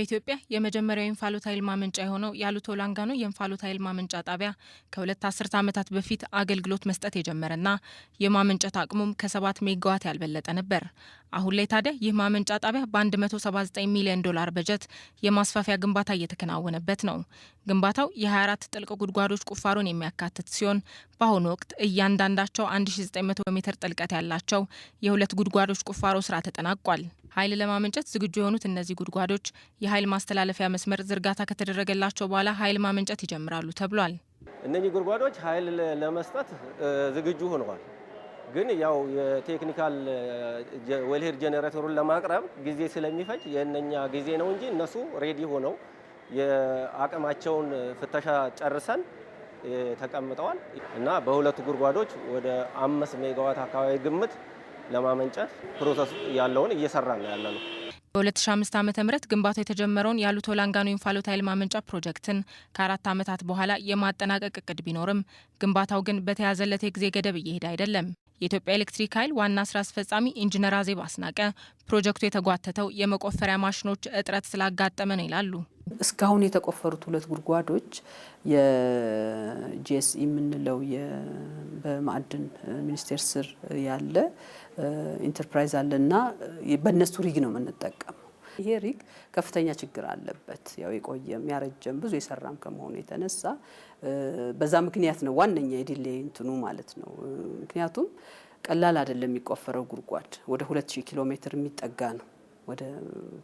በኢትዮጵያ የመጀመሪያው የእንፋሎት ኃይል ማመንጫ የሆነው የአሉቶ ላንጋኖ የእንፋሎት ኃይል ማመንጫ ጣቢያ ከሁለት አስርተ ዓመታት በፊት አገልግሎት መስጠት የጀመረና የማመንጨት አቅሙም ከሰባት ሜጋዋት ያልበለጠ ነበር። አሁን ላይ ታዲያ ይህ ማመንጫ ጣቢያ በ179 ሚሊዮን ዶላር በጀት የማስፋፊያ ግንባታ እየተከናወነበት ነው። ግንባታው የ24 ጥልቅ ጉድጓዶች ቁፋሮን የሚያካትት ሲሆን በአሁኑ ወቅት እያንዳንዳቸው 1900 ሜትር ጥልቀት ያላቸው የሁለት ጉድጓዶች ቁፋሮ ስራ ተጠናቋል። ኃይል ለማመንጨት ዝግጁ የሆኑት እነዚህ ጉድጓዶች የኃይል ማስተላለፊያ መስመር ዝርጋታ ከተደረገላቸው በኋላ ኃይል ማመንጨት ይጀምራሉ ተብሏል። እነዚህ ጉድጓዶች ኃይል ለመስጠት ዝግጁ ሆነዋል። ግን ያው የቴክኒካል ዌልሄድ ጄኔሬተሩን ለማቅረብ ጊዜ ስለሚፈጅ የእነኛ ጊዜ ነው እንጂ እነሱ ሬዲ ሆነው የአቅማቸውን ፍተሻ ጨርሰን ተቀምጠዋል እና በሁለቱ ጉድጓዶች ወደ አምስት ሜጋዋት አካባቢ ግምት ለማመንጨት ፕሮሰስ ያለውን እየሰራ ነው ያለ ነው። በ2005 ዓ ም ግንባታው የተጀመረውን ያሉት ላንጋኖ የእንፋሎት ኃይል ማመንጫ ፕሮጀክትን ከአራት ዓመታት በኋላ የማጠናቀቅ እቅድ ቢኖርም ግንባታው ግን በተያዘለት የጊዜ ገደብ እየሄደ አይደለም። የኢትዮጵያ ኤሌክትሪክ ኃይል ዋና ስራ አስፈጻሚ ኢንጂነር አዜብ አስናቀ ፕሮጀክቱ የተጓተተው የመቆፈሪያ ማሽኖች እጥረት ስላጋጠመ ነው ይላሉ። እስካሁን የተቆፈሩት ሁለት ጉድጓዶች የጂኤስኢ የምንለው በማዕድን ሚኒስቴር ስር ያለ ኢንተርፕራይዝ አለና በእነሱ ሪግ ነው የምንጠቀመው። ይሄ ሪግ ከፍተኛ ችግር አለበት። ያው የቆየም ያረጀም ብዙ የሰራም ከመሆኑ የተነሳ በዛ ምክንያት ነው ዋነኛ የዲሌ እንትኑ ማለት ነው። ምክንያቱም ቀላል አይደለም የሚቆፈረው ጉድጓድ ወደ 2000 ኪሎ ሜትር የሚጠጋ ነው። ወደ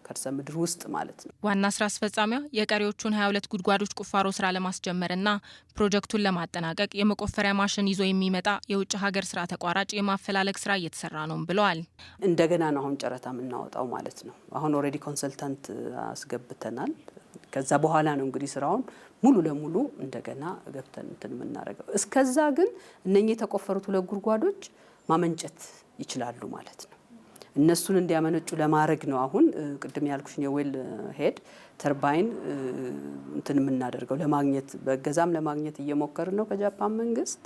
ከርሰ ምድር ውስጥ ማለት ነው። ዋና ስራ አስፈጻሚዋ የቀሪዎቹን 22 ጉድጓዶች ቁፋሮ ስራ ለማስጀመርና ፕሮጀክቱን ለማጠናቀቅ የመቆፈሪያ ማሽን ይዞ የሚመጣ የውጭ ሀገር ስራ ተቋራጭ የማፈላለግ ስራ እየተሰራ ነው ብለዋል። እንደገና ነው አሁን ጨረታ የምናወጣው ማለት ነው። አሁን ኦልሬዲ ኮንሰልታንት አስገብተናል። ከዛ በኋላ ነው እንግዲህ ስራውን ሙሉ ለሙሉ እንደገና ገብተን እንትን የምናደርገው። እስከዛ ግን እነኚህ የተቆፈሩት ሁለት ጉድጓዶች ማመንጨት ይችላሉ ማለት ነው። እነሱን እንዲያመነጩ ለማድረግ ነው። አሁን ቅድም ያልኩሽን የዌል ሄድ ተርባይን እንትን የምናደርገው ለማግኘት በገዛም ለማግኘት እየሞከርን ነው ከጃፓን መንግስት።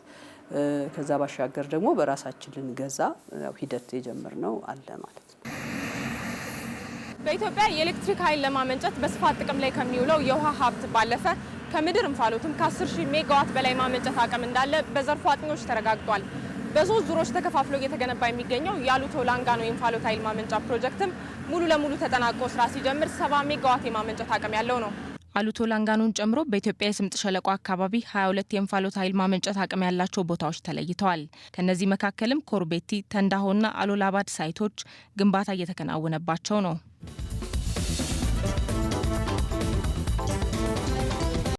ከዛ ባሻገር ደግሞ በራሳችን ልንገዛ ሂደት የጀመርነው አለ ማለት ነው። በኢትዮጵያ የኤሌክትሪክ ኃይል ለማመንጨት በስፋት ጥቅም ላይ ከሚውለው የውሃ ሀብት ባለፈ ከምድር እንፋሎትም ከ10 ሺህ ሜጋዋት በላይ ማመንጨት አቅም እንዳለ በዘርፉ አጥኚዎች ተረጋግጧል። በሶስት ዙሮች ተከፋፍሎ እየተገነባ የሚገኘው የአሉቶ ላንጋኖ የእንፋሎት ኃይል ማመንጫ ፕሮጀክትም ሙሉ ለሙሉ ተጠናቆ ስራ ሲጀምር ሰባ ሜጋዋት የማመንጨት አቅም ያለው ነው። አሉቶ ላንጋኑን ጨምሮ በኢትዮጵያ የስምጥ ሸለቆ አካባቢ 22 የእንፋሎት ኃይል ማመንጨት አቅም ያላቸው ቦታዎች ተለይተዋል። ከእነዚህ መካከልም ኮርቤቲ፣ ተንዳሆና አሎላባድ ሳይቶች ግንባታ እየተከናወነባቸው ነው።